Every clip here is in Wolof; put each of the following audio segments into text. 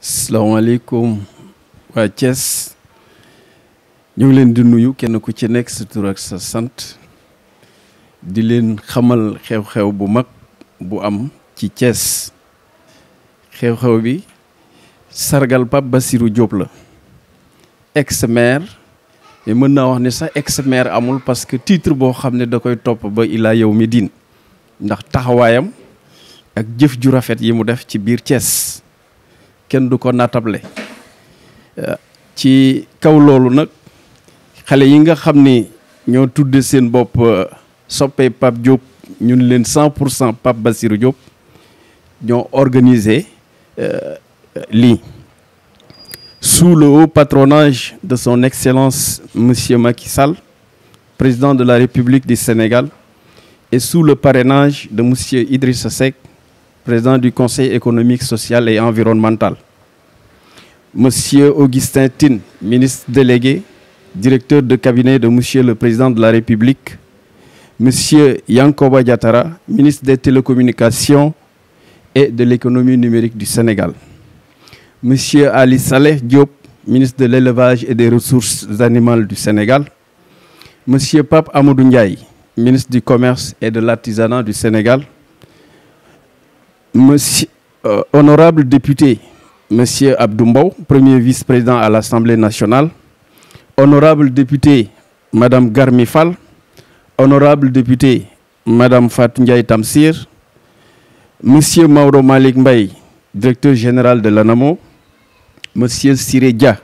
Assalamualaikum, waa Thiès ñu ngi leen di nuyu kenn ku ci nekk sa tur ak sa sant di leen xamal xew-xew bu mag bu am ci Thiès xew-xew bi sargal pa basiru Diop la ex maire et mën naa wax ne sax ex maire amul parce que titre boo xam ne da koy topp ba ila yow mi diin ndax taxawaayam ak jëf ju rafet yi mu def ci biir qui du ko natable euh, ci kaw loolu nag xale yi nga xam ni ñoo tudde seen bopp euh, Diop ñun leen 100% pour cent Bassirou Diop ñoo organisé euh, sous le haut patronage de son excellence monsieur Macky Sall président de la République du Sénégal et sous le parrainage de monsieur Idriss Seck président du Conseil économique social et environnemental Monsieur Augustin Tin, ministre délégué, directeur de cabinet de Monsieur le Président de la République, Monsieur Yankoba Diatara, ministre des Télécommunications et de l'économie numérique du Sénégal. Monsieur Ali Saleh Diop, ministre de l'Élevage et des Ressources animales du Sénégal. Monsieur Pape Amadou ministre du Commerce et de l'Artisanat du Sénégal. Monsieur, euh, honorable député Monsieur Abdoumbaou, premier vice-président à l'Assemblée nationale, honorable député Madame Garmifal, honorable député Madame Fatou Tamsir, Monsieur Mauro Malik directeur général de l'ANAMO, Monsieur Siré Dia,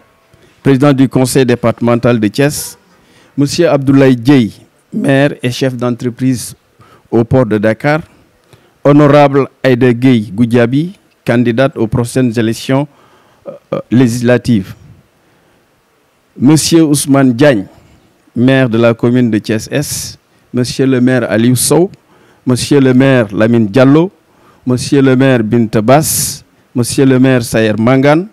président du conseil départemental de Thiès, Monsieur Abdoulaye Dieye, maire et chef d'entreprise au port de Dakar, Honorable Aïda Gueye Goudjabi, candidate aux prochaines élections euh, euh, législatives. Monsieur Ousmane Diagne, maire de la commune de thiès Monsieur le maire Aliou Monsieur le maire Lamine Diallo, Monsieur le maire Bintabas, Monsieur le maire Sayer Mangan,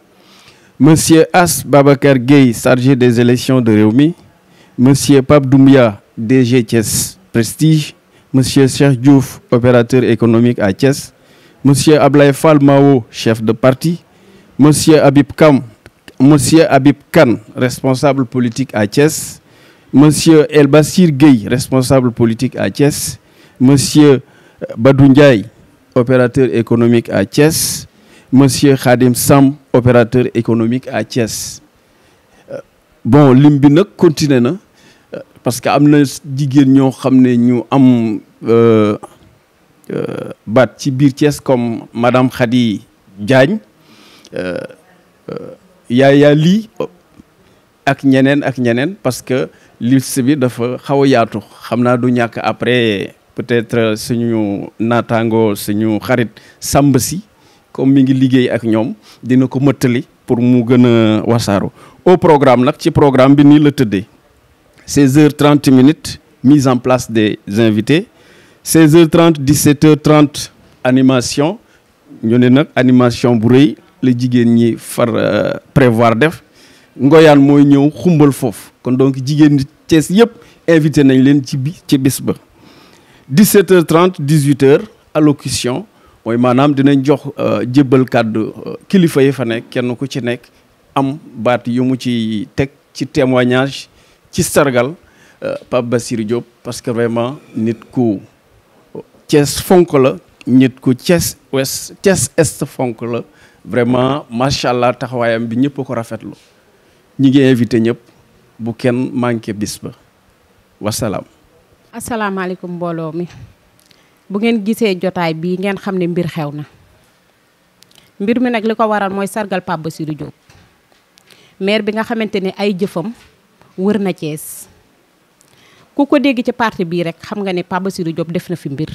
Monsieur As Babaker Gueye, chargé des élections de Réumi, Monsieur Pape DG Thiès Prestige, Monsieur Serge Diouf, opérateur économique à Thiès, Monsieur Ablaifal Fall Mao, chef de parti, Monsieur Abib Monsieur Khan, responsable politique à Thiès, Monsieur Basir Gueye, responsable politique à Monsieur euh, Badou opérateur économique à Monsieur Khadim Sam, opérateur économique à euh, bon continue. Euh, parce que nous avons euh, baat ci biir ties comme madame Khady Diagne euh, euh, ya li ak ñenen ak ñenen parce que liste bi dafa xaw yaatu xamna du ñak après peut-être suñu natango suñu xarit sàmb comme mi ngi liggéey ak ñom dina ko pour mu gën wasaru au programme nak ci programme bi ni le tëddee 16 heures 30 minutes mise en place des invités 16h30 17h30 animation ñu avons une animation bu Les gens jigéen ñi far euh, prévoir def ngoyaan mooy ñëw xumbal donc les gens Cees yëpp invité nañ à ci 17h30 18h allocution mooy maanaam dinañ jox euh, jébbal kàddu euh, kilifa yi fa nekk kenn ku ci nekk am baat yu mu ci ci témoignage ci sargal Pape Bassirou Diop parce que vraiment nit sommes... Thiès fonk la nit ku Thiès west est fonk la vraiment machallah taxawayam bi ñepp ko rafetlu ñi ngi invité ñepp bu kenn manqué bis ba assalamu alaykum bolo mi bu ngeen gisee jotaay bi ngeen xam ne mbir xew na mbir mi nag li ko waral mooy sargal ba Bassirou Diop maire bi nga xamante ne ay jëfam wër na ku ci parti bi rek xam nga ne ba Diop def na fi mbir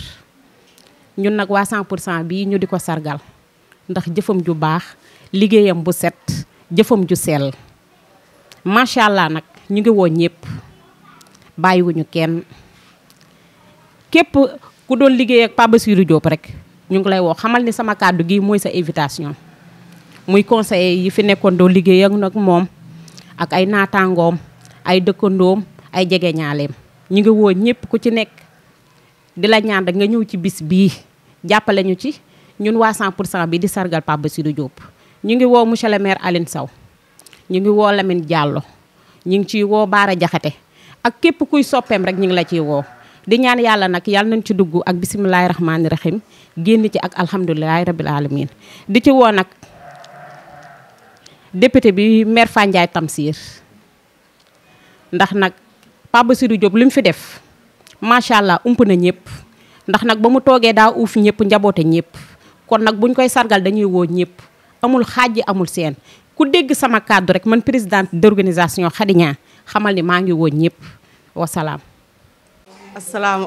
ñun nag waa 100 bi, cent bii ñu di sargal ndax jëfam ju baax liggéeyam bu set jëfam ju sell macha allah nag ñu ngi woo ñëpp bàyyiwuñu kenn képp ku doon liggéey ak rek ñu ngi lay xamal ni sama gi mooy sa invitation muy conseiller yi fi nekkoon doo liggéey ak nag moom ak ay naataangoom ay dëkkandoom ay jegeñaaleem ñu ngi woo ñëpp ku ci nekk ñaan rek nga ci bis jàppale ñu ci ñun wa 100 bi di sargal Pape Bassirou Diop ñu ngi wo monsieur le maire Aline saw ñu ngi wo Lamine Diallo ñu ngi ci wo bara Jaxate ak képp kuy soppeem rek ñu ngi la ci wo di ñaan yalla nak yalla nañ ci dugg ak rahim ci ak alhamdullilah rabbil alamin di ci wo nak député bi maire Fandiaye Tamsir ndax nag Pape Bassirou Diop lim fi def machallah ndax nag ba mu toogee daa uuf ñëpp njaboote ñëpp kon nag buñ koy sargal dañuy woo ñëpp amul xaaj amul seen ku dégg sama kàddu rek man présidente d'organisation Khady Niang xamal ni maa ngi woo ñëpp wasalaam.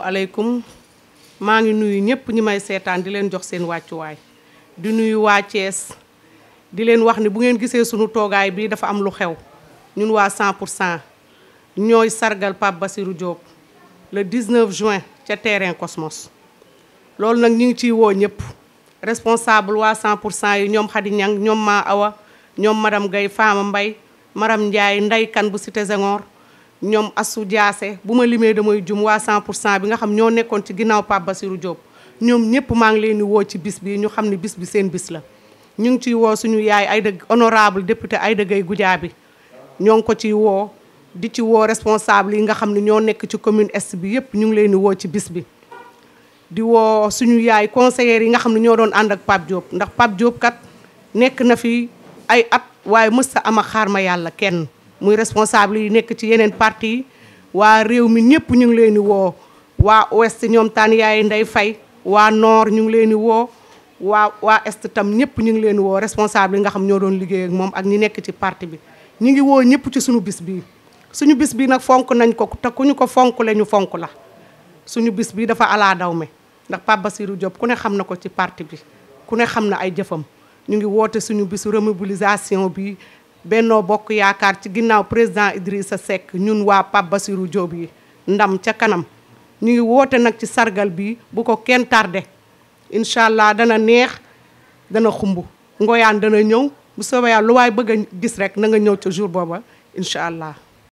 aleykum maa ngi nuyu ñëpp ñi may seetaan di leen jox seen wàccuwaay di nuyu waa Thiès di leen wax ni bu ngeen gisee sunu toogaay bi dafa am lu xew ñun waa 100 pour cent ñooy sargal Pape Bassirou Diop le 19 juin. ca terrain Cosmos loolu nag ñu ngi ciy woo ñëpp responsable waa cent pour cent yi ñoom Khady Niang ñoom maa awa ñoom maram gay Fama mbay maram Ndiaye Ndeye Kane bu Cité Senghor ñoom Assou Diassé bu ma limee damay jum waa cent pour cent bi nga xam ñoo nekkoon ci ginnaaw Pape Basirou Diop ñoom ñëpp maa ngi leen di woo ci bis bi ñu xam ne bis bi seen bis la ñu ngi ciy woo suñu yaay Aïda honorable député Aïda Gaye Goudiaby ñoo ngi ko ciy woo di ci woo responsable yi nga xam ne ñoo nekk ci commune est bi yëpp ñu ngi leen di woo ci bis bi di woo suñu yaay conseillers yi nga xam ne ñoo doon ànd ak Pape ndax Pape kat nekk na fi ay at waaye mës am a xaar yàlla kenn muy responsable yi nekk ci yeneen parti waa réew mi ñëpp ñu ngi leen di woo waa ouest ñoom taan yaay fay waa nord ñu ngi leen di woo waa waa est ñëpp ñu ngi leen di woo responsable yi xam ñoo doon liggéey moom ak ñi nekk ci parti bi ñu ngi woo ñëpp ci suñu bis bi suñu bis bi nag fonk nañ ko te ku ñu ko fonk le ñu fonk la suñu bis bi dafa alaa daw ndax Pape Bassirou Diop ku ne xam na ko ci parti bi ku ne xam na ay jëfam ñu ngi woote suñu bisu remobilisation bi bennoo bokk yaakaar ci ginnaaw président sa Seck ñun waa Pape Bassirou jóob yi ndam ca kanam ñu ngi woote nag ci sargal bi bu ko kenn tardé incha allah dana neex dana xumb ngoyaan dana ñëw bu soobee yàlla lu waay bëgg a gis rek na nga ñëw ca jour booba incha allah